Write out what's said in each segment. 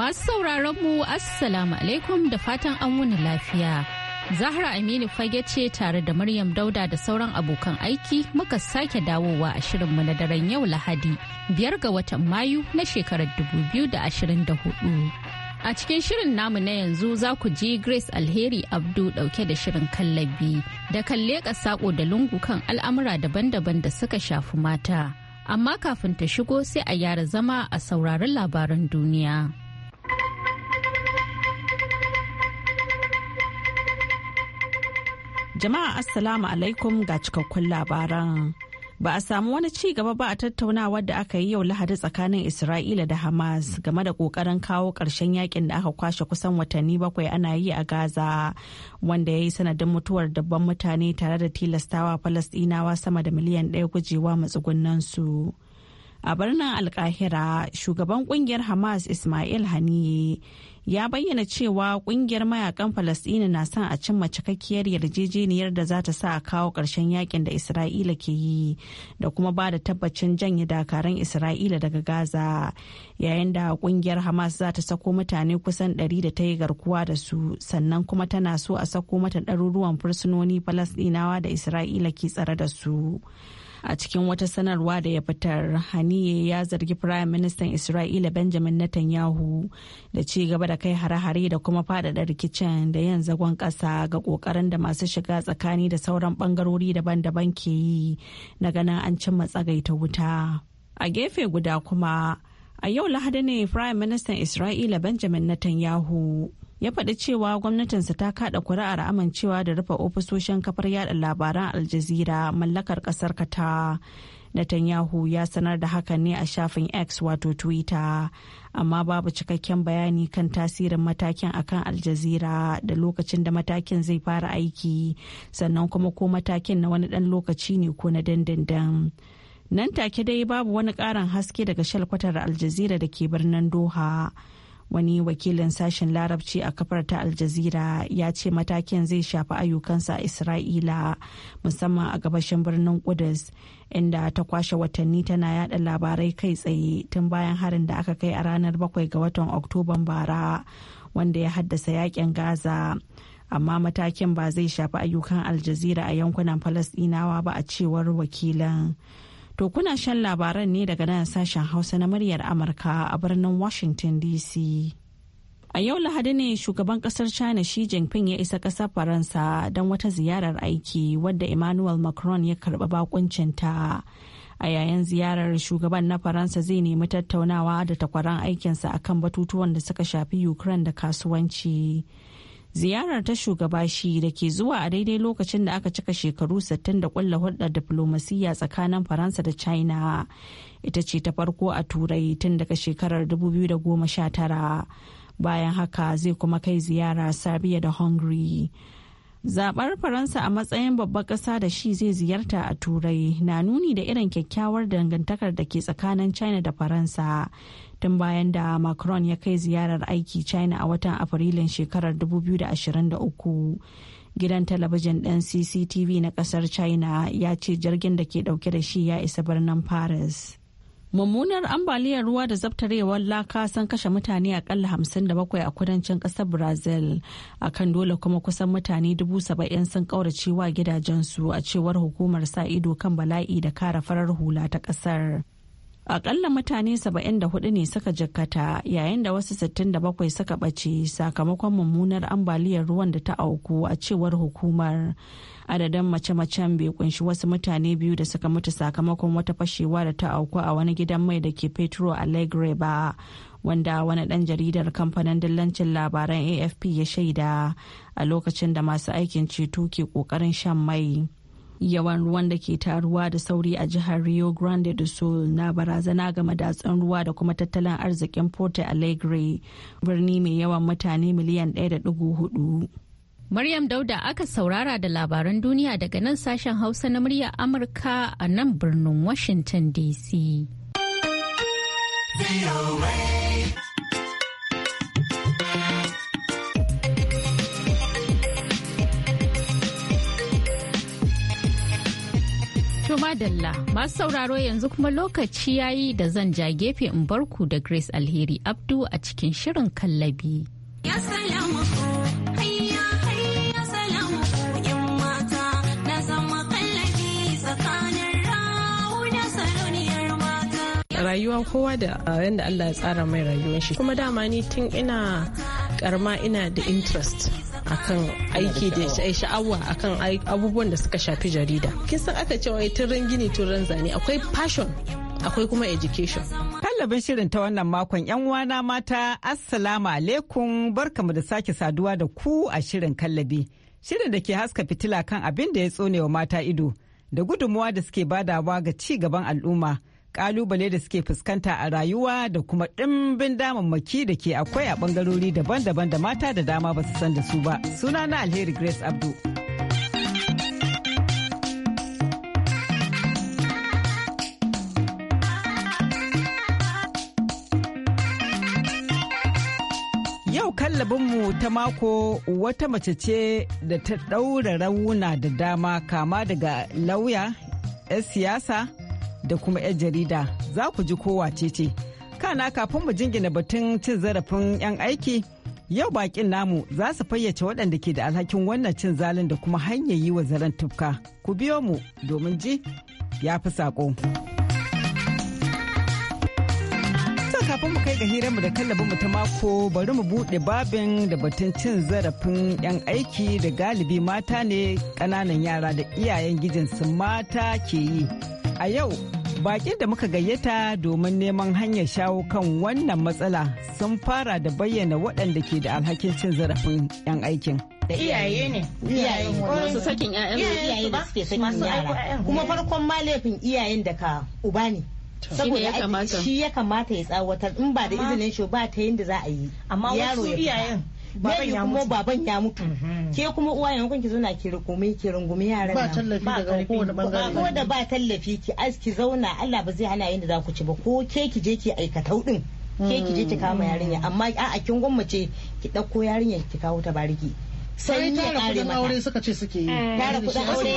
Masu sauraron mu Assalamu alaikum da fatan an wuni lafiya. Zahra Aminu fage ce tare da Maryam Dauda da sauran abokan aiki muka sake dawowa a shirinmu na daren yau Lahadi biyar ga watan Mayu na shekarar dubu biyu da da ashirin 2024. A cikin shirin namu na yanzu za ku ji Grace Alheri Abdu dauke da shirin kallabi da kan leƙa saƙo da lungu kan al'amura daban-daban da suka shafi mata. Amma kafin ta shigo sai a yara zama a sauraron labaran duniya. Jama'a Assalamu alaikum ga cikakkun labaran. Ba a samu wani ci gaba ba a tattaunawar da aka yi yau Lahadi tsakanin Isra'ila da Hamas game da ƙoƙarin kawo ƙarshen yakin da aka kwashe kusan watanni bakwai ana yi a Gaza wanda ya yi sanadin mutuwar dabban mutane tare da tilastawa Falastinawa sama da miliyan ɗaya gujewa matsugunansu. A birnin Alkahira, shugaban ƙungiyar Hamas Ismail Haniye ya bayyana cewa kungiyar mayakan falasɗina na son a cimma cikakkiyar yarjejeniyar da za ta sa a kawo ƙarshen yakin da isra'ila ke yi da kuma ba da tabbacin janye dakaran isra'ila daga gaza yayin da kungiyar hamas za ta sako mutane kusan 100 da ta yi garkuwa da su sannan kuma tana so a sako mata ɗaruruwan fursunoni falasɗinawa da isra'ila ke tsare da su. a cikin wata sanarwa da ya fitar haniye ya zargi firayim ministan isra'ila benjamin netanyahu da ci gaba da kai hare-hare da kuma faɗaɗa rikicin da yin zagon ƙasa ga ƙoƙarin da masu shiga tsakani da sauran ɓangarori daban-daban ke yi na ganin an cimma tsagaita wuta a gefe guda kuma a yau lahadi ne firayim ministan isra'ila benjamin netanyahu ya faɗi cewa gwamnatinsa ta kaɗa kuri'ar amincewa da rufe ofisoshin kafar yada labaran aljazira mallakar ƙasar kata Netanyahu ya sanar da haka ne a shafin X wato Twitter, amma babu cikakken bayani kan tasirin matakin akan Aljazeera da lokacin da matakin zai fara aiki, sannan kuma ko matakin na wani ɗan lokaci ne ko na dandandan. Nan take dai babu wani ƙarin haske daga shalkwatar Aljazeera da ke birnin Doha. wani wakilin sashen larabci a kafar ta aljazira ya ce matakin zai shafi ayyukansa a isra'ila musamman a gabashin birnin kudus inda ta kwashe watanni tana yada labarai kai tsaye tun bayan harin da aka kai a ranar 7 ga watan oktoban bara wanda ya haddasa yakin gaza amma matakin ba zai shafi ayyukan aljazira a yankunan falasdinawa ba a cewar wakilan To kuna shan labaran ne daga nan sashen Hausa na muryar Amurka a birnin Washington DC. A yau Lahadi ne shugaban kasar China Xi Jinping ya isa kasar Faransa don wata ziyarar aiki wadda Emmanuel Macron ya karɓi bakuncinta. a yayin ziyarar shugaban na faransa zai nemi tattaunawa da takwaran aikinsa akan batutuwan da suka shafi ukraine da kasuwanci ziyarar ta shugaba shi da ke zuwa a daidai lokacin da aka cika shekaru 60 da kulla hulɗar diflomasiyya tsakanin faransa da china ita ce ta farko a turai tun daga shekarar 2019 bayan haka zai kuma kai ziyara serbia da hungary zabar faransa a matsayin babbar ƙasa da shi zai ziyarta a turai na nuni da irin kyakkyawar dangantakar da ke tsakanin china da faransa tun bayan da macron ya kai ziyarar aiki china a watan afrilun shekarar 2023 gidan talabijin ɗin cctv na ƙasar china ya ce jirgin da ke ɗauke da shi ya isa birnin paris Mummunar ambaliyar ruwa da zabtarewar laka sun kashe mutane akalla 57 a kudancin kasar Brazil. A kan dole kuma kusan mutane 70,000 sun kaurace wa gidajensu a cewar hukumar sa ido kan bala'i da kare farar hula ta kasar. Akalla mutane 74 ne suka jikkata yayin da wasu 67 suka ɓace sakamakon mummunar ambaliyar ruwan da ta auku a cewar hukumar. Adadin mace-macen bai kunshi wasu mutane biyu da suka mutu sakamakon wata fashewa da ta auku a wani gidan mai da ke Petro Alegre ba. wanda wani ɗan jaridar kamfanin dillancin labaran afp ya shaida a lokacin da masu aikin ceto ke ƙoƙarin shan mai yawan ruwan da ke taruwa da sauri a jihar rio grande do sul na barazana ga madatsan ruwa da kuma tattalin arzikin porto alegre birni mai yawan mutane miliyan 1.4 maryam dauda aka saurara da labaran duniya daga nan sashen hausa na muryar amurka a nan birnin washington dc To madalla masu sauraro yanzu kuma lokaci yayi da zan ja gefe in barku da Grace Alheri Abdu a cikin shirin kallabi. Ya rayuwa kowa da yadda Allah ya tsara mai rayuwar shi kuma dama ni tun ina karma ina da interest akan aiki da sha'awa akan abubuwan da suka shafi jarida kin san aka ce cewa turan gini turan zane akwai passion akwai kuma education kallabin shirin ta wannan makon yan uwana mata assalamu alaikum barkamu da sake saduwa da ku a shirin kallabi shirin da ke haska fitila kan abin da ya tsonewa mata ido da gudunmuwa da suke badawa ga ci gaban al'umma kalubale da suke fuskanta a rayuwa da kuma ɗimbin damammaki da ke akwai a bangarori daban-daban da mata da dama ba su san da su ba. Suna na Alheri Grace Abdu. Yau kallabinmu ta mako wata mace ce da ta ɗaura rauna da dama kama daga lauya, 'yan siyasa, da kuma 'yar jarida za ku ji kowa ce kana kafin mu jingina batun cin zarafin 'yan aiki yau bakin namu za su fayyace waɗanda ke da alhakin wannan cin zalin da kuma hanyar yi wa zaren tufka ku biyo mu domin ji ya fi saƙo. kafin mu kai ga hira mu da kallabin mu ta mako bari mu bude babin da batun cin zarafin 'yan aiki da galibi mata ne kananan yara da iyayen gijinsu mata ke yi. A yau Bakin da muka gayyata domin neman hanyar shawo kan wannan matsala sun fara da bayyana waɗanda ke da alhakin cin zarafin 'yan aikin. da iyaye ne iyaye masu sakin iyaye da suke sakin yara kuma farkon ma laifin iyayen da ka uba ne saboda shi ya kamata ya tsawatar in ba da izinin shi ba ta yadda za a yi amma wasu iyayen baban ya mutu baban ya mutu mhm. ke kuma uwa yanzu ki zauna ki rungume ki rungume yaran ba tallafi daga kowane bangare ko da ba tallafi ki ki zauna Allah ba zai hana yin da za ku ci ba ko ke ki je ki aikatau din ke ki je ki mm. kama yarinya amma a kin gwammace ki dauko yarinya ki kawo ta bariki sai ne kare mata aure suka ce suke yi eh. tara kudin aure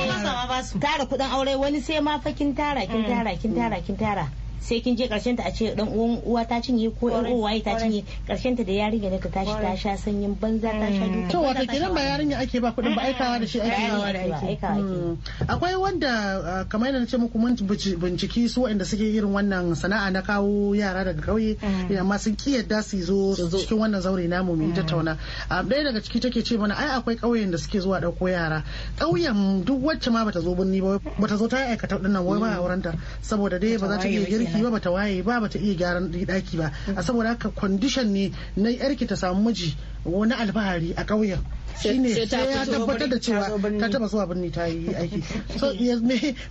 tara kudin aure wani sai ma fakin mm. tara kin tara kin tara kin tara sai kin je karshen ta a ce dan uwan uwa ta cinye ko ɗan uwa ta cinye karshen ta da yarinya ne ta tashi ta sha sanyin banza ta sha duka to wato kiran ba yarinya ake ba kuɗin ba aikawa da shi ake ba. aiki hmm. akwai wanda ah, kamar yadda ce muku mun binciki su waɗanda suke irin wannan sana'a na kawo yara daga kauye hmm. eh, amma sun ki yadda su zo cikin wannan zaure namu mu yi hmm. tattauna ah, ɗaya daga ciki take ce mana ai akwai ƙauyen da suke zuwa ɗauko yara ƙauyen duk wacce ma bata zo birni ba bata zo ta aikata ɗin nan wai ba a wurinta saboda dai ba za ta iya kirki ba bata waye ba bata iya gyaran daki ba a saboda haka kwandishan ne na yarki ta samu miji wani alfahari a ƙauyen shine sai ya tabbatar da cewa ta taba zuwa birni ta yi aiki so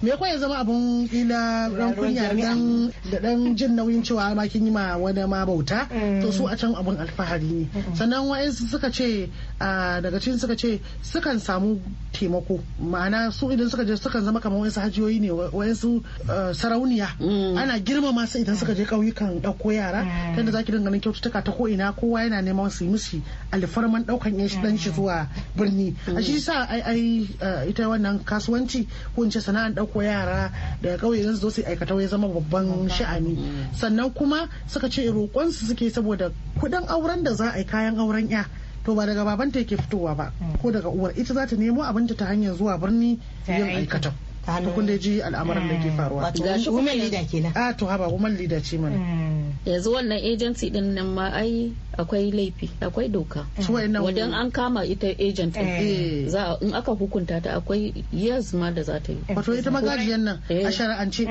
me ko ya zama abun kila ran kunya da dan jin nauyin cewa ma kin yi ma wani ma bauta mm. to su a can abun alfahari ne sannan wa'ansu suka ce daga cikin suka ce sukan samu taimako ma'ana su idan suka je sukan zama kamar wa'ansu hajiyoyi ne wa'ansu uh, sarauniya mm. ana girmama su idan suka je ƙauyukan ɗauko yara mm. tunda zaki dinga ganin kyaututtuka ta ko ina kowa yana neman su yi musu alfarman daukan yan dan shi zuwa birni a shi sa ai ai eh, ita wannan kasuwanci ko in ce sana'an dauko yara daga kauye zan zo su aikata ya zama babban sha'ani sannan kuma suka ce roƙon su suke saboda kuɗin auren da za a yi kayan auren ya to ba daga babanta yake fitowa ba ko daga uwar ita za ta nemo abinta ta hanyar zuwa birni yin aikata ta hannun kun ji al'amuran da ke eh, faruwa wato women leader kenan a ah, to haba women leader ce mana eh. yanzu wannan agency din nan ma ai akwai laifi akwai doka wadan an kama ita agent eh. za in aka hukunta ta akwai years ma da za ta yi wato ita magajiyan nan a shara'ance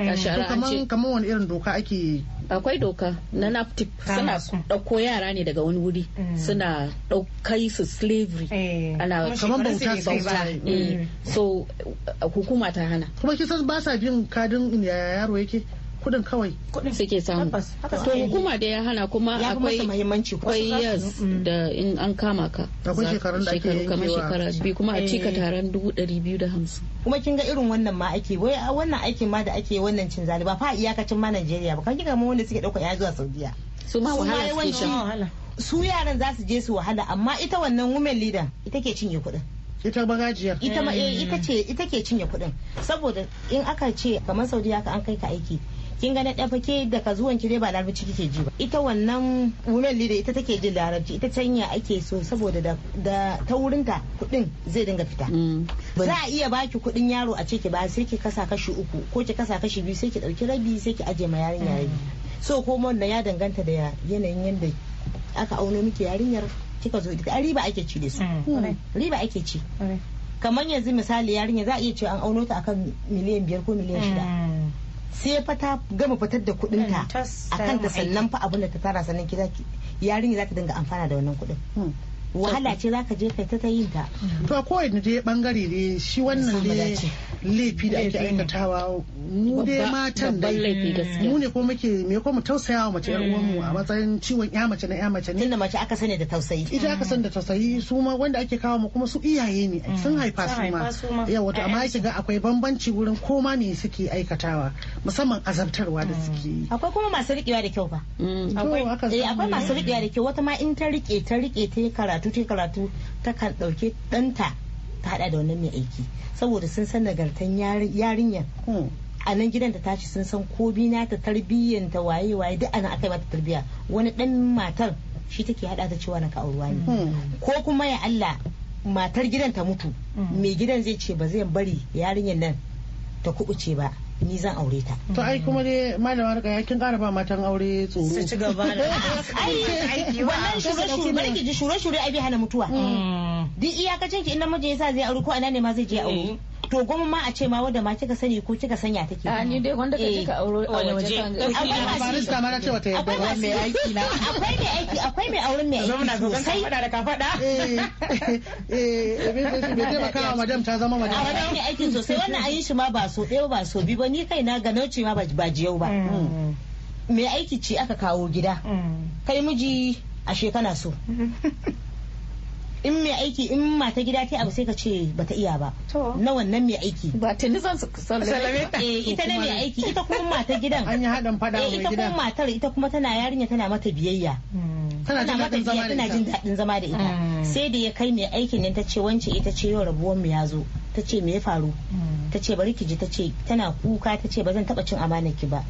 kaman kaman wani irin doka ake akwai doka na naptip suna ɗauko yara ne daga wani wuri suna ɗaukai su slavery ana kamar bauta so hukuma ta hana mana kuma san ba sa bin kadin yaya yaro yake kudin kawai kudin suke samu to hukuma da ya hana kuma akwai kwayas yes da in an kama ka akwai shekarun da ake yankewa kamar shekara bi kuma a eh. cika taron dubu dari biyu da hamsin kuma kin ga irin wannan ma ake wai wannan aikin ma da ake wannan cin zali ba fa iyakacin ma Najeriya ba kan kika mu wanda suke dauka ya zuwa Saudiya su ma wahala su yaran za su je su wahala amma ita wannan women leader ita ke cinye kudin ita bagajiyar ita ma eh, ita ce ita ke cinye kuɗin saboda in aka ce kamar saudiya ka an kai ka aiki kin ga na fake da ka zuwan ki dai ba larabci kike ji ba ita wannan women leader ita take jin larabci ita canya ake so saboda da ta wurinta kuɗin zai dinga fita mm. za a iya baki kuɗin yaro a ce ki ba sai ki kasa kashi uku ko ki kasa kashi biyu sai ki ɗauki rabi sai ki aje ma yarinya mm. so ko da ya danganta da yanayin yadda aka auno miki yarinyar kika zo ita riba ake ci da su mm. Mm. riba ake ci kamar yanzu misali yarinya za a iya cewa an auno ta akan miliyan biyar ko miliyan mm. shida sai fa ta gama fitar da kudin ta akan ta sannan fa abin da ta tara sannan yarinya za ta dinga amfana da wannan kuɗin wahala ce za ka je kai ta ta yin ta to ko kowane dai bangare ne shi wannan ne laifi da ake aikatawa mu dai matan da mu ne ko muke me ko mu tausaya wa mace yar uwanmu a mm. matsayin ciwon ya mace na ya mace ne tunda mace aka sani da tausayi ita aka sani da tausayi su ma wanda ake kawo mu kuma su iyaye ne mm. sun haifa su ma yawa to amma ga akwai bambanci wurin koma me suke aikatawa musamman azabtarwa da mm. suke yi akwai kuma masu rikewa da kyau ba akwai eh, masu rikewa da kyau wata ma in ta rike ta rike ta yi karatu karatu ta karatu ta kan ɗauke ɗanta ta haɗa da wannan mai aiki saboda sun san nagartan yarinyar hmm. a nan gidan da tashi sun san ko bina ta tarbiyyanta waye waye duk ana aka yi mata tarbiyya wani ɗan matar shi take haɗa ta cewa na ka ne hmm. ko kuma ya Allah matar gidan ta mutu hmm. mai gidan zai ce ba zai bari yarinyar nan ta kubuce ba ni zan aure ta to ai kuma dai malama rika kin ƙara ba matan aure tsoro su ci gaba da ai wannan shure shure barki ji shure shure ai bi hana mutuwa mm. duk iyakacin ki in namiji yasa zai aure ko ina ne ma zai je aure eh. to goma ma a ce ma wanda ma kika sani ko kika sanya take a ni dai wanda ka kika aure a waje kan akwai barista ma na cewa wata yadda ba mai aiki na akwai mai aiki akwai mai auren mai aiki na gogan ka fada da ka fada eh eh bai taimaka wa madam ta zama madam a wannan mai aikin sosai wannan ayin shi ma ba so ɗaya ba so biyu ba ni kai na ganin ce ma ba jiyau ba mm. mai aiki ce aka kawo gida mm. kai miji ashe kana so in mai aiki in mata gida ta abu sai ka ce ba ta iya ba na wannan mai aiki ba ta nisan sallame ta eh, ita ne mai aiki ita kuma mata gidan an yi hadan fada eh, mai gida ita kuma matar ita kuma tana yarinya tana mata biyayya hmm. tana jin daɗin zama da ita tana zama da ita sai da ya kai mai aikin nan ta ce wance ita ce yau rabuwan mu ya zo ta ce me ya faru hmm. ta ce bari ki ji ta ce tana kuka ta ce ba zan taɓa cin amanaki ki ba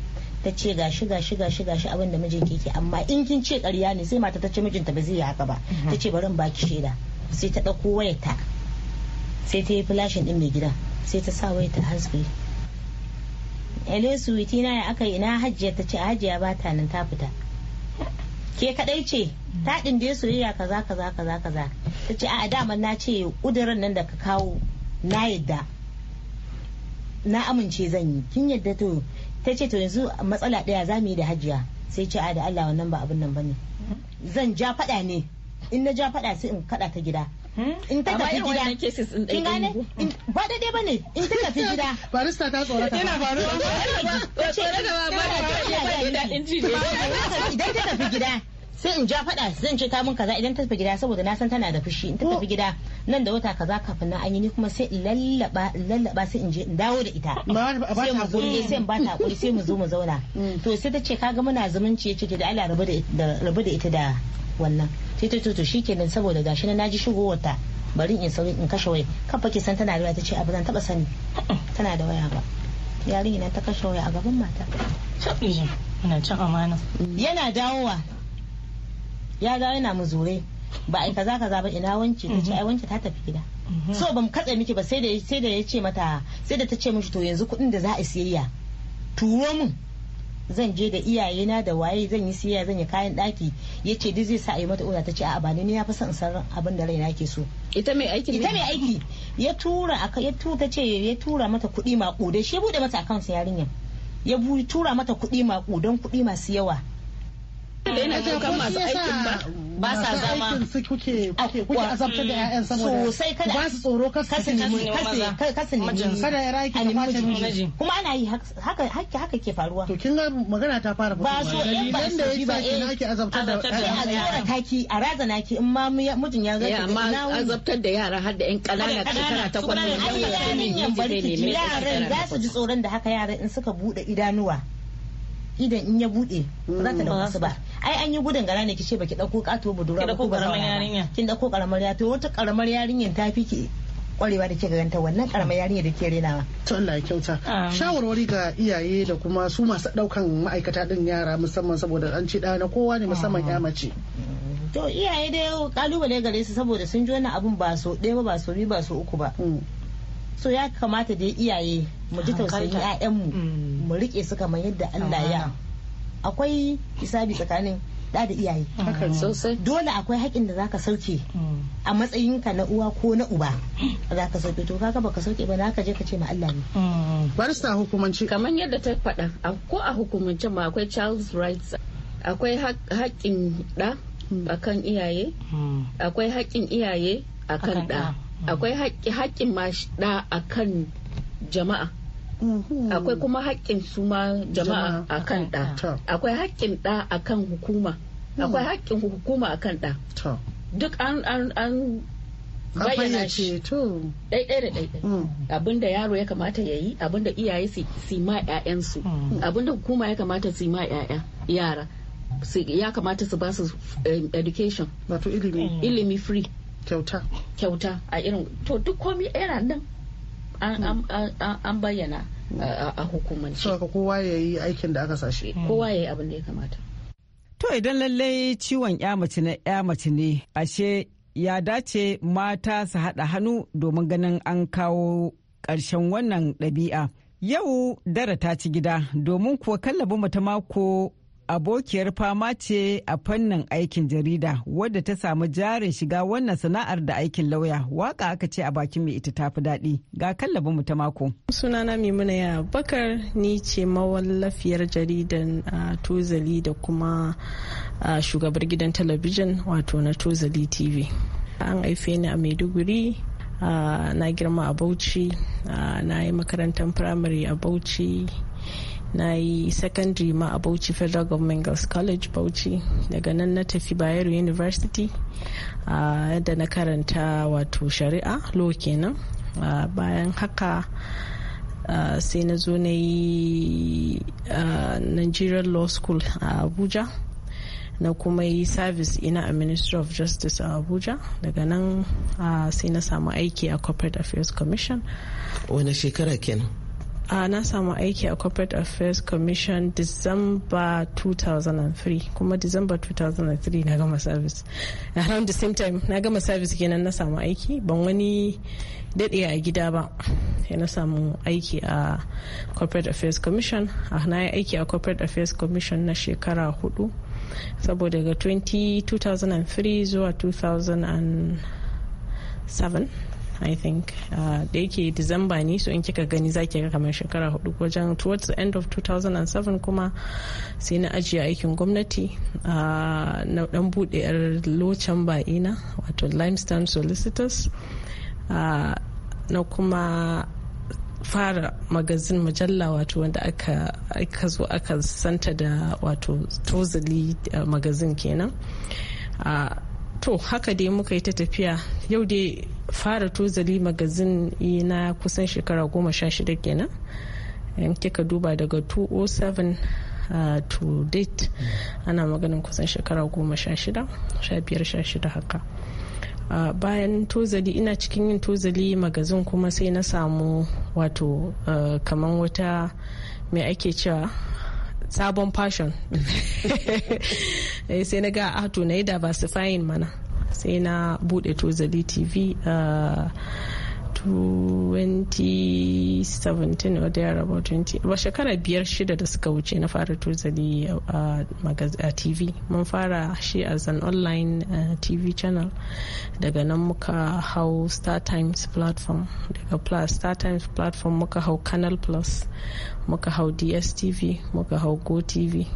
ta ce ga ga shi ga shi ga shi abin da mijin ke amma in kin ce ƙarya ne sai mata ta ce mijinta ba zai yi haka ba mhm. ta ce bari in baki shaida sai ta ɗauko wayarta sai ta yi flashin ɗin mai gida sai ta sa wayarta ele suwiti na ya aka yi na ta ce hajjiya ba ta nan ta fita ke kadai ce mhm. ta dinde soyayya kaza kaza kaza kaza ta ce a daman na ce kudirin nan da ka kawo na yadda na amince zan yi kin yadda to ta ce to yanzu matsala ɗaya za mu yi da hajiya sai ce a da Allah wannan ba abin nan bane zan ja faɗa ne in na ja faɗa sai in kaɗa ta gida in ta tafi gida in gane ba daidai ba ne in ta tafi gida barista ta tsorata ina faruwa ba tsorata ba ba da daɗin idan ta tafi gida sai in ja faɗa zan ce ta mun kaza idan ta tafi gida saboda na san tana da fushi in ta tafi gida nan da wata kaza kafin na anyi ni kuma sai in lallaba in lallaba sai in je in dawo da ita sai mu gurje sai in bata hakuri sai mu zo mu zauna mm. to sai ta ce kaga muna zumunci yace da Allah rabu da rabu da ita da wannan sai ta to shikenan saboda gashi na naji shigowar ta bari in sauri in kashe waya kan ke san tana da waya ta ce abu zan taba sani tana da waya ba yarinya ta kashe waya a gaban mata. Caɓi, ina cin amana. Yana dawowa ya ga yana muzure ba ai kaza kaza ba ina wance ta ce mhm. ai wance ta tafi gida mhm. so ban katse miki ba sai da sai da ya ce mata sai da ta ce mishi to yanzu kuɗin da za a siyayya turo mun zan je da iyayena da waye zan yi siyayya zan yi kayan daki ya ce duk zai sa a yi mata oda ta ce a'a ba ni ya fi son san abin da raina ke so ita mai aiki ita mai aiki ya tura aka ya tura ta ce ya tura mata kuɗi maƙudan shi ya bude mata account yarinya. ya tura mata kuɗi maƙudan kuɗi masu yawa da yana jin kan masu aikin ba ba sa zama su kuke kuke da ƴaƴan saboda kada ba su tsoro kasu su nemi nemi kada ya raki da mace kuma ana yi haka haka haka ke faruwa to kin ga magana ta fara ba so da yake ba kin eh, ake da ƴaƴan taki a razana ki in ma mijin ya eh, ga azabtar da yara har da ƴan ƙanana shekara ne yaran za su ji tsoron da haka yara in suka bude idanuwa idan in ya bude ba za ta mm. dauka su ba ai an yi gudun gara ne kice baki dauko kato budura ko karamar yarinya kin dauko karamar yarinya to wata karamar yarinyar ta fi kwarewa da ke ganta wannan karamar yarinya da ke renawa to Allah ya kyauta shawarwari ga iyaye da kuma su masu daukan ma'aikata din yara musamman saboda an ci na kowa ne musamman ya mace mm. to iyaye dai kalubale gare su saboda sun ji wannan abun ba so ɗaya ba ba so biyu ba so uku ba mm. so ya kamata dai iyaye mu ji tausayin ƴaƴanmu mm. mu rike su kamar yadda Allah ya akwai hisabi tsakanin da da iyaye mm. Mm. dole akwai haƙin da zaka sauke a matsayinka na uwa ko na uba za ka sauke to kaga baka sauke ba naka je ka ce ma Allah ne barista hukumanci kamar yadda ta faɗa ko a hukumance ma akwai child rights akwai haƙin ɗa akan iyaye akwai haƙin iyaye akan ɗa akwai haƙin ma ɗa akan jama'a Mm-hmm. akwai kuma haƙƙin su ma jama'a akan ɗa akwai haƙƙin ɗa akan hukuma mm. akwai haƙƙin hukuma akan ɗa duk an an bayyana shi ɗaiɗai da ɗaiɗai mm. abinda yaro ya kamata ya yi abinda iyaye su ma 'ya'yansu mm. abinda hukuma ya kamata su ma 'ya'ya yara ya kamata su ba su eh, education wato ilimi ilimi free kyauta kyauta a irin to duk komi yana nan Hmm. an bayyana a hukumance so kowa ya yi aikin da aka sashi hmm. kowa ya yi abin da ya kamata to idan lallai ciwon ya mace na ya mace ne ashe ya dace mata su haɗa hannu domin ganin an kawo ƙarshen wannan ɗabi'a. Yau dara ta ci gida domin kuwa kallabin mu ta mako abokiyar fama ce a fannin aikin jarida wadda ta samu jarin shiga wannan sana'ar da aikin lauya waka aka ce a bakin mai ita tafi daɗi ga kallabin mu ta mako. sunana mimuna ya bakar ni ce mawallafiyar jaridan tozali da kuma shugabar gidan talabijin wato na tozali tv an haife ni a maiduguri na girma a bauchi na yi makarantar firamare a bauchi na yi secondary ma a bauchi federal government girls college bauchi daga nan na tafi bayero university yadda na karanta wato shari'a law kenan bayan haka sai na zo na yi nigerian law school a abuja na kuma yi service ina a ministry of justice a abuja daga nan sai na samu aiki a corporate affairs commission wani shekara kenan Uh, na samu aiki a corporate affairs commission december 2003 kuma december 2003 na gama service around the same time na gama service kenan na samu aiki ban wani daɗe a gida ba ya na samu aiki a corporate affairs commission uh, na yi aiki a corporate affairs commission na shekara hudu saboda daga 2003 zuwa 2007 i think uh, da yake december ne so in kika gani za ki ga kamar shekara hudu wajen towards the end of 2007 kuma sai na ajiye aikin gwamnati uh, na dan buɗe yar locan ba'ina wato limestone solicitors uh, na kuma fara magazin mujalla wato wanda aka, aka zo aka santa da wato tozali magazin kenan to haka dai muka yi ta tafiya yau dai fara tozali magazin na kusan shekara goma sha shida kenan yan kika duba daga 207 uh, ah, to date ana maganin kusan shekara goma sha shida sha biyar sha shida haka ah, bayan tozali ina cikin yin tozali magazin kuma sai na samu wato uh, kaman wata mai ake cewa sabon fashion eh, sai na ga ato ah, na yi diversifying mana sai na bude tozali tv uh, 2017 or there about 20 ba shekara biyar shida da suka wuce na fara tuzali a tv mun fara shi as an online eh, tv channel daga nan muka hau star times platform daga plus star times platform muka hau canal plus muka hau dstv muka hau go tv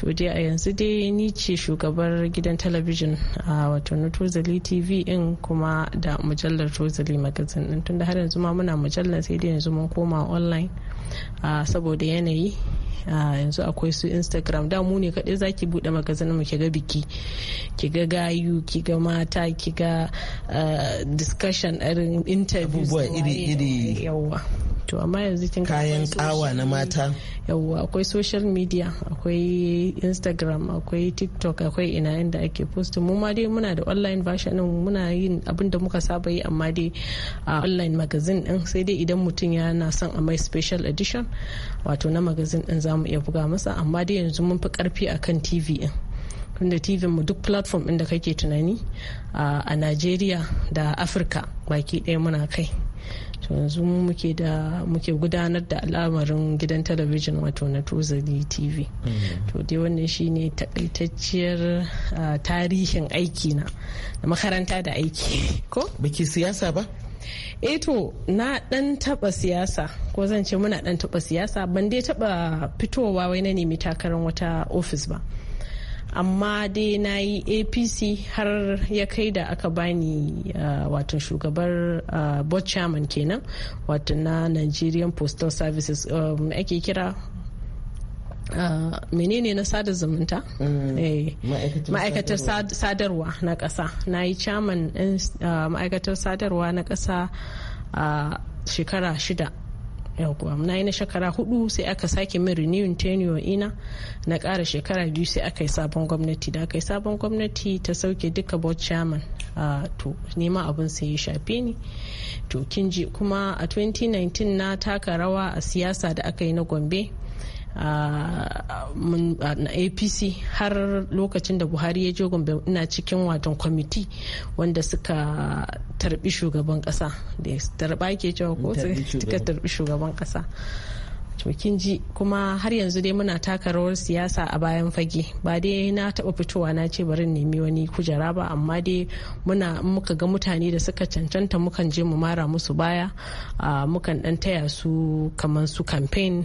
to dai a yanzu dai ni ce shugabar gidan talabijin a wato na tozali tv in kuma da mujallar tozali magazin din tunda har yanzu ma muna mujallar sai dai yanzu mun koma online saboda yanayi yanzu akwai su instagram da mu ne kaɗai zaki buɗe magazin mu ga biki kiga gayu kiga mata kiga discussion irin interviews iri iri yawa to amma yanzu kin kayan tsawa na mata yawwa akwai social media akwai instagram akwai tiktok akwai ina yanda ake post mu ma dai muna da online version din muna yin abin da muka saba yi amma dai a online magazine din sai dai idan mutum yana son a mai special edition wato na magazine din zamu iya buga masa amma dai yanzu mun fi karfi akan tv din tunda tv mu duk platform inda kake tunani a Najeriya da Afirka baki ɗaya muna kai wato yanzu muke da muke gudanar da al'amarin gidan talabijin wato na tozali tv mm. to dai wannan shine takaitacciyar tarihin aiki na da makaranta da aiki ko baki siyasa ba e to na dan taba siyasa ko zan ce muna dan taba siyasa ban dai taba fitowa wai na nemi takarar wata ofis ba amma dai na yi apc har ya kai da aka bani wato shugabar board chairman kenan wato na nigerian postal services um, ake kira menene na sada zumunta mm, eh, ma'aikatar sadarwa. na ƙasa na yi chairman eh, ma'aikatar sadarwa na ƙasa a shekara shida yauwa na yi na shekara hudu sai aka sake min renewing tenure ina na kara shekara biyu sai aka yi sabon gwamnati da aka yi sabon gwamnati ta sauke duka board chairman to nema abin sai ya shafe ni to kinji kuma a 2019 na taka rawa a siyasa da aka yi na gombe na apc har lokacin da buhari ya je gombe ina cikin watan kwamiti wanda suka tarbi shugaban kasa da tarba ke cewa ko suka tarbi shugaban kasa cikin ji kuma har yanzu dai muna taka rawar siyasa a bayan fage ba dai na taba fitowa na ce bari nemi wani kujera ba amma dai muna muka ga mutane da suka cancanta mukan je mu mara musu baya mukan dan taya su kamar su campaign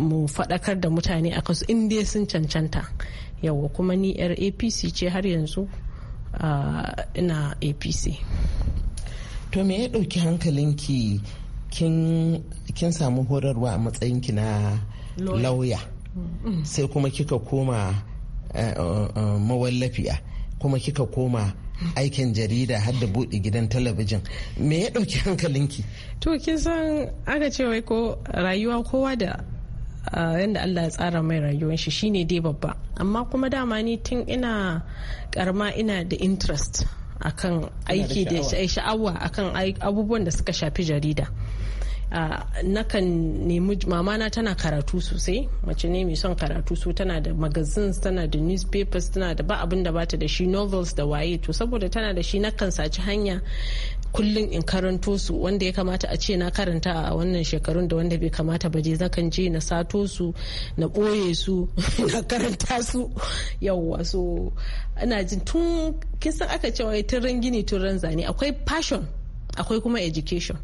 mu faɗakar da mutane a kasu in sun cancanta yawa kuma ni yar apc ce har yanzu ina apc to me ya ɗauki hankalinki kin samu horarwa a matsayinki na lauya mm. sai kuma kika koma eh, eh, eh, mawallafiya kuma kika koma aikin jarida har da buɗe gidan talabijin me ya ɗauki hankalinki to kin san aka ce wai ko rayuwa kowa da yadda Allah ya tsara mai rayuwar shi shine dai babba amma kuma dama ni tun ina karma ina da interest akan aiki da sha'awa akan abubuwan da suka shafi jarida nakan nemi mamana tana karatu sosai mace ne mai son karatu so tana da magazines tana da newspapers tana da ba abin da bata da shi novels da waye to saboda tana da shi nakan saci hanya kullum in karanto su wanda ya kamata a ce na karanta a wannan shekarun da wanda bai kamata ba je zakan je na sato su na boye su na karanta su yawwa so ana jin tun kin san aka cewa turan gini ran zane akwai passion akwai kuma education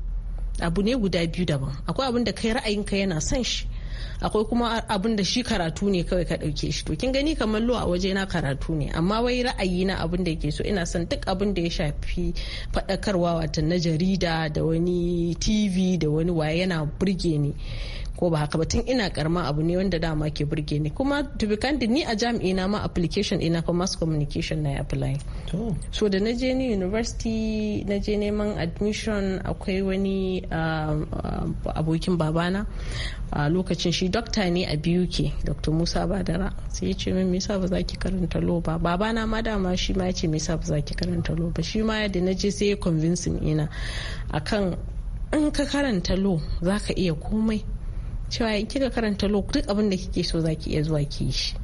abu ne guda biyu daban akwai abin da kai ra'ayinka yana son shi akwai kuma abin da shi karatu ne kawai ka ɗauke shi to kin gani kamar lo a waje na karatu ne amma wai ra'ayi na abin da yake so ina son duk abin da ya shafi faɗakarwa watan na jarida da wani tv da wani waye yana burge ni ko ba haka ba tun ina karma abu ne wanda dama ke burge ni kuma to be candid ni a na ma application ina fa mass communication na apply so da na je ni university na je neman admission akwai wani um, um, abokin babana a lokacin shi dokta ne a B.U.K ke dr musa badara sai ya ce min me yasa ba za ki karanta lo ba babana ma dama shi ma ya ce me yasa ba za ki karanta lo ba shi ma da na je sai ya convincing ina akan in ka karanta lo zaka iya komai cewa in kika karanta law duk abin da kike so zaki iya zuwa ki yi shi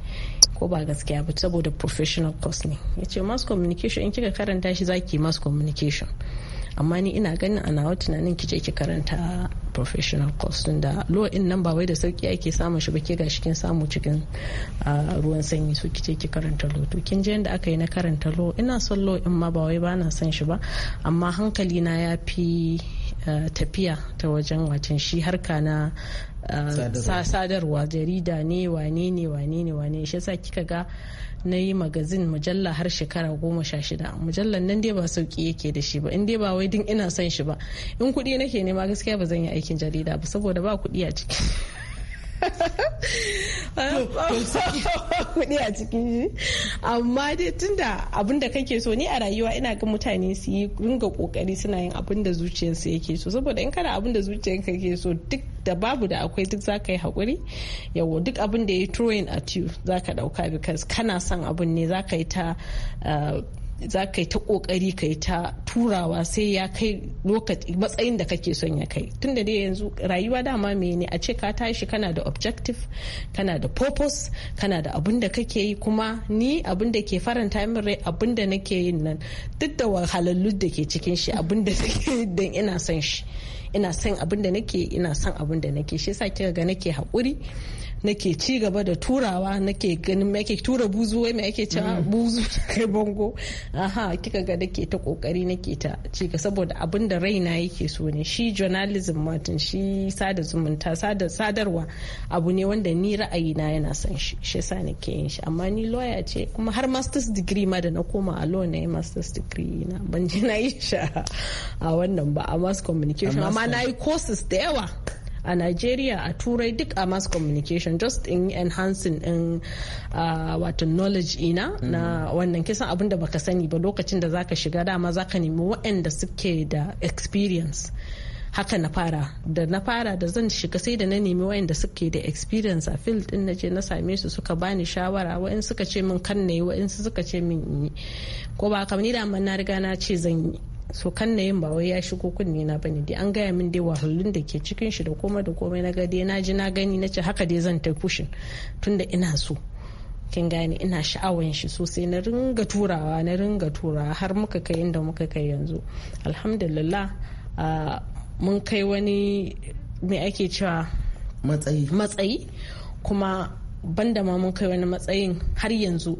ko ba gaskiya ba saboda professional course ne yace ce mass communication in kika karanta shi zaki mass communication amma ni ina ganin ana nawa tunanin kije ki karanta professional course din da law in nan ba wai da sauki ake samun shi ba ke gashi kin samu cikin ruwan sanyi so je ki karanta law to kin je yanda aka yi na karanta law ina son law in ma ba wai ba na son shi ba amma hankali na ya fi Eh, tafiya ta wajen watan shi harka na eh, sadarwa jarida ne wane ne wane ne wane shi sa kika ga na yi magazin mujalla har shekara goma sha shida mujallar nan dai ba sauki yake da shi ba in dai ba wai din ina son shi ba in kuɗi nake nema gaskiya ba zan yi aikin jarida ba saboda ba kuɗi a ciki kuɗi a cikin shi amma dai tunda abin da kake so ni a rayuwa ina ga mutane su yi ringa kokari suna yin abin da zuciyarsu yake so saboda in kana abin da zuciyarka ke so duk da babu da akwai duk za ka yi haƙuri yawo duk abin da ya yi throwing at you za ka ɗauka because kana son abin ne za ka yi ta eh, za ka yi ta kokari ka yi ta turawa sai ya kai lokaci matsayin da kake son ya kai tunda dai yanzu rayuwa dama me ne a ce ka tashi kana da objective kana da purpose kana da abin da kake yi kuma ni abin da ke faranta min rai abin da nake yin nan duk da wahalallu da ke cikin shi abin da nake yi don ina son shi ina son abin da nake ina son abin da nake shi yasa kika ga nake haƙuri nake ci gaba da turawa nake ganin me ake tura buzu wai me ake ci mm. buzu kai bango aha kika ga nake ta kokari nake ta ci saboda abin da raina yake so ne shi journalism martin shi sada zumunta sada sadarwa abu ne wanda ni ra'ayi na yana son shi shi yasa nake yin shi amma ni lawyer ce kuma har masters degree ma da na koma a law na yi masters degree na ban je na yi shi a wannan ba a mass communication amma na yi courses da yawa a nigeria a turai duk a mass communication just in enhancing in uh, wato knowledge ina na wannan kisan abin da baka sani ba lokacin da zaka shiga dama zaka nemi waɗanda suke da experience haka na fara da na fara da zan shiga sai da na nemi wayanda suke da experience a field din naje na same su suka bani shawara wayan suka ce min kan nayi wayan suka ce min in ko ba kamar ni da na riga na ce zan yi so kan na yin ba wai ya shigo kunne na bane dai an gaya min dai wahalun da ke cikin shi da komai da komai na ga na ji na gani na ce haka dai zan ta pushin tunda ina so kin gane ina sha'awan shi sosai na ringa turawa na ringa turawa har muka kai inda muka kai yanzu alhamdulillah mun kai wani me ake cewa matsayi matsayi kuma banda ma mun kai wani matsayin har yanzu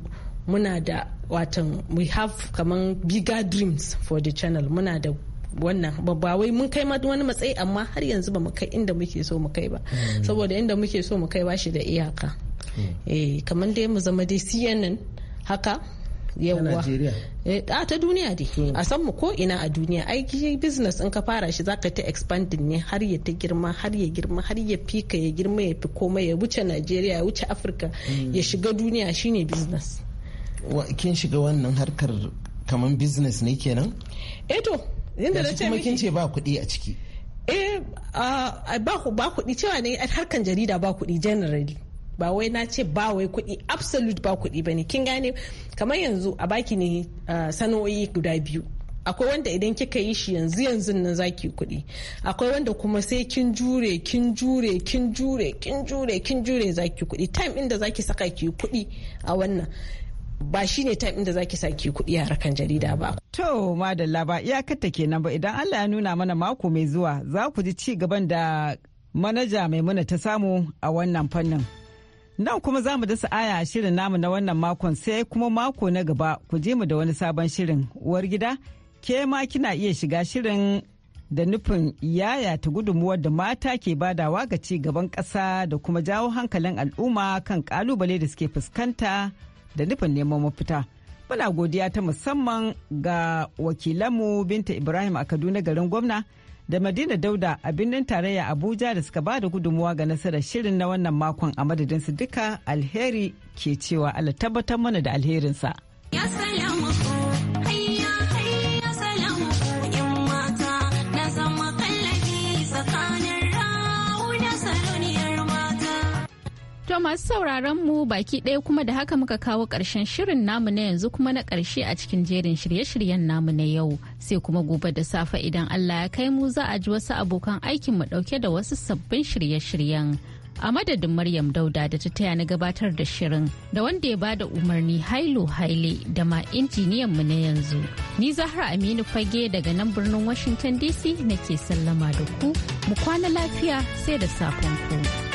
muna da watan we have kaman bigger dreams for the channel muna da wannan ba wai mun kai wani matsayi amma har yanzu ba mu kai inda muke so mu kai ba hmm. saboda inda muke so mu kai ba shi da iyaka hmm. eh kaman dai mu zama dai CNN haka yawwa eh, a ta duniya dai hmm. a san mu ko ina a duniya aiki business in ka fara shi zaka ta expanding ne har ya ta girma har ya girma har ya fika ya girma ya fi komai ya wuce Najeriya ya wuce Afirka ya shiga duniya shine business kin shiga wannan harkar kamar business ne kenan eto eh inda da ce kuma kin ce ba kuɗi a ciki eh ba kuɗi cewa ne harkan jarida ba kuɗi generally ba wai na ce ba wai kuɗi absolute ba kuɗi ba ne kin gane kamar yanzu a baki ne sana'o'i guda biyu akwai wanda idan kika yi shi yanzu yanzu nan zaki kuɗi akwai wanda kuma sai kin jure kin jure kin jure kin jure kin jure zaki kuɗi time inda zaki saka ki kuɗi a wannan ba shi ne time inda zaki saki kuɗi a harkan jarida ba. To madalla ba iyakarta kenan ba idan Allah ya nuna mana mako mai zuwa za ku ji ci gaban da manaja mai muna ta samu a wannan fannin. Nan kuma za mu dasa aya a shirin namu na wannan makon sai kuma mako na gaba ku je mu da wani sabon shirin uwar gida ke ma kina iya shiga shirin da nufin yaya ta gudunmuwar da mata ke badawa ga ci gaban ƙasa da kuma jawo hankalin al'umma kan kalubale da suke fuskanta da nufin neman mafita. Muna godiya ta musamman ga wakilanmu Binta Ibrahim a Kaduna garin gwamna da Madina Dauda a birnin tarayya Abuja da suka ba da gudunmuwa ga nasarar shirin na wannan makon a madadinsu duka alheri ke cewa Allah tabbatar mana da alherinsa. To masu sauraron mu baki ɗaya kuma da haka muka kawo ƙarshen shirin namu na yanzu kuma na ƙarshe a cikin jerin shirye-shiryen namu na yau. Sai kuma gobe da safe idan Allah ya kai mu za a ji wasu abokan aikin mu ɗauke da wasu sabbin shirye-shiryen. A madadin Maryam Dauda da ta taya na gabatar da shirin da wanda ya ba da umarni hailo Haile da ma injiniyan mu na yanzu. Ni Zahra Aminu Fage daga nan birnin Washington DC nake sallama da ku. Mu kwana lafiya sai da safen ku.